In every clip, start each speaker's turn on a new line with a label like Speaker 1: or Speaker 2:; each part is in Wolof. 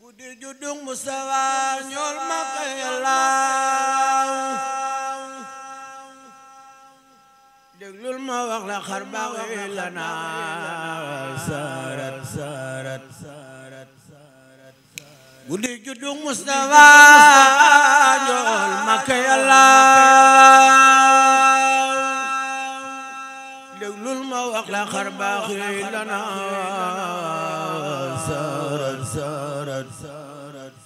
Speaker 1: guddi juddug Mustafa ñool ma ko yàllaaw déglul ma wax la xar baax yi la naa déglul ma wax la xar baaxi lana sarat sarat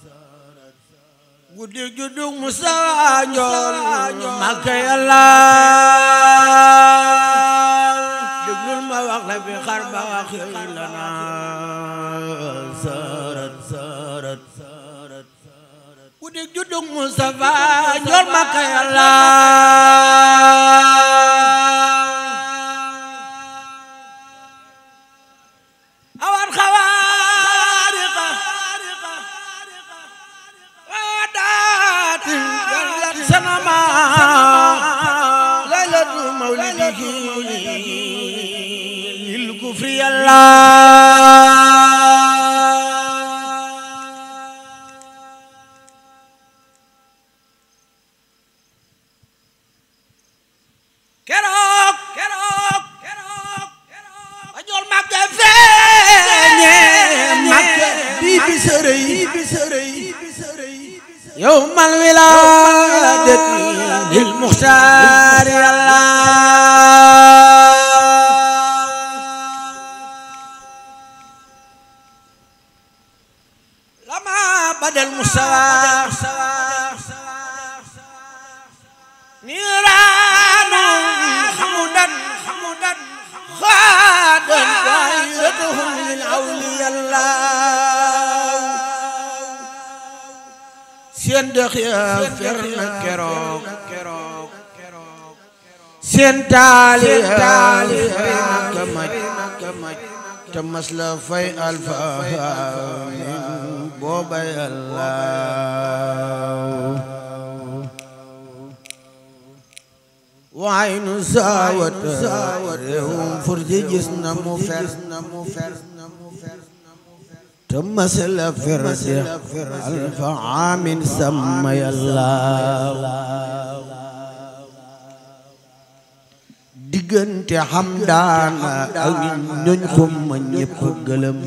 Speaker 1: guddi juddu Musa Njool Makka Yàlla déglul ma wax la fi xar baaxi lana sarat sarat guddi juddu Musa Njool Makka Yàlla yow mal wilaadati lil muxtaar مدى المستوى نيران حمدا حمدا غادا دائرتهم من اولياء الله seen dëx ya fer na keroog seen taali ya ka maj te mas la fay alfa وبي الله وعين زاوت زاوتهم فرج جسنا مفر تمثل فرج ألف عام سمي الله diggante xam daana ak ñoñ ko ma ñépp gëlëm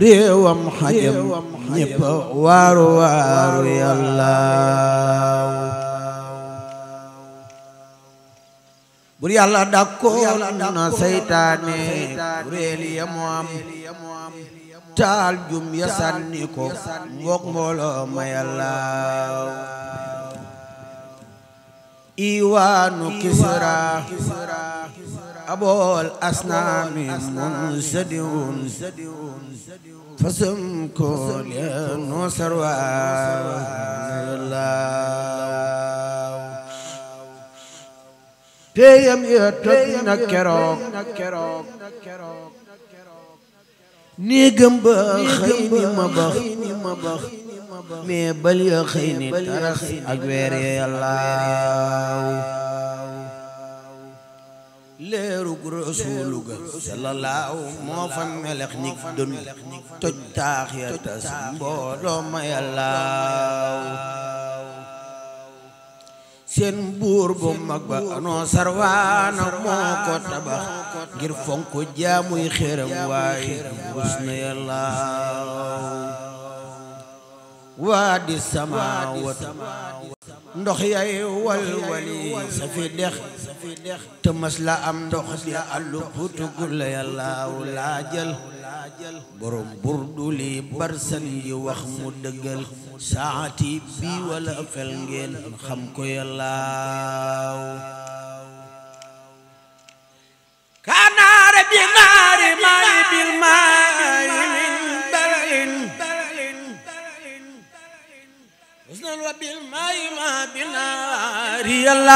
Speaker 1: réewam xajam ñépp waaru waaru yàlla bur yàlla dakkoon na seytaane réel ya taal jum ya sànni ko mbokk mbooloo ma أبو الأصنام منسد فسم كل نصر الله تيم يتقن كروك نيجم بخيني مبخ مي بل يخيني ترخ أجويري الله rasuulu ga sallallahu moo fa melex ni dënn toj taax ya tas mbooloo ma yàllaaw seen buur bu ba noo sarwaana moo ko tabax ngir fonk jaamuy xéram waaye rus na yàllaaw waa di sama ndox yay walwali sa fi dex te la am ndox di àllu putugul yàllaaw laa jël borom dul li barsan yi wax mu dëggal saati bi wala fel ngeen xam ko yàllaaw رضي الله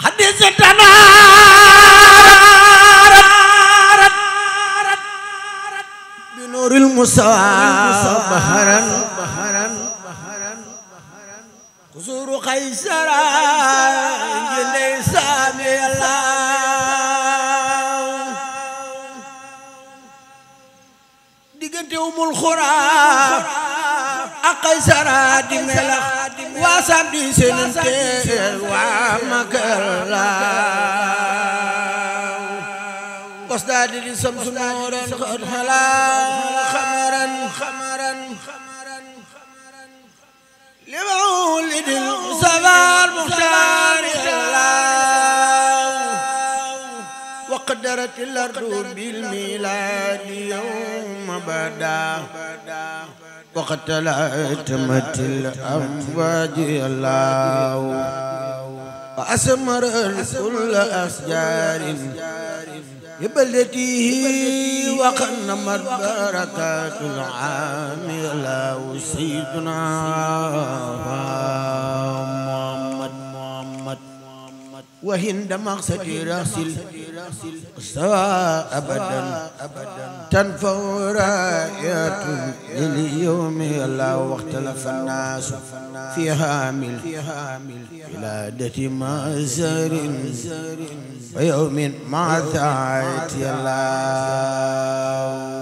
Speaker 1: حديثتنا بنور المصاب بحرا بحرا بحرا قصور قيصر xuraaf ak sara di melax waa samedi seenam teel waa magal laaw ustaadi di samsu nooran xat xalaaw xamaran xamaran li ma wulidil sabar muxtaar قدرت الأرض بالميلاد يوم بدا وقت لا اتمت الأمواج الله وأسمر كل أشجار ببلده وقنمت بركات العام الله سيدنا وهند مقصدي راسل سواء أبدا تنفع رايات لليوم لا واختلف الناس فيها مل ولادة مازر ويوم مع ذات الله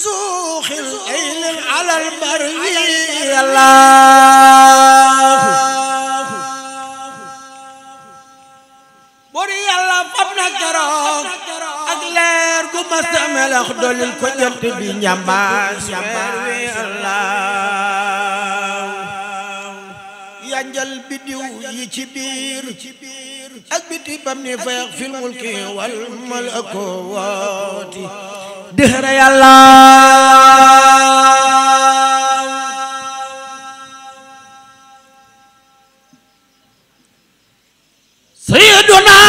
Speaker 1: بسوخ الأيل على البر الله بري الله فبنا كرام أغلار كما سمل أخدل الكتب تبين يمباس الله ينجل بديو يتبير أكبتي بمني فيغفي الملك والملكوات دهر يا الله سيدنا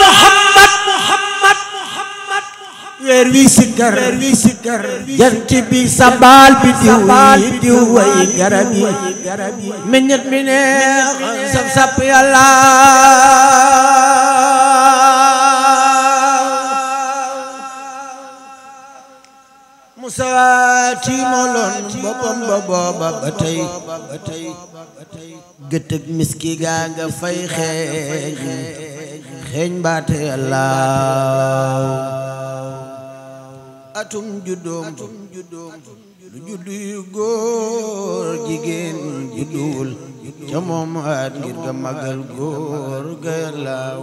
Speaker 1: محمد sikkar weer wi sikkar sabal bi diw yi diw way garab mi neex sab sab Musaa tiimaloon boppam ba booba ba tey gëtëg miski gaa nga fay xeeñ xeeñ baate yàllaaw atum juddoom lu juddu yu góor jigéen judduwul ca moom at ngir ga magal góor ga yàllaaw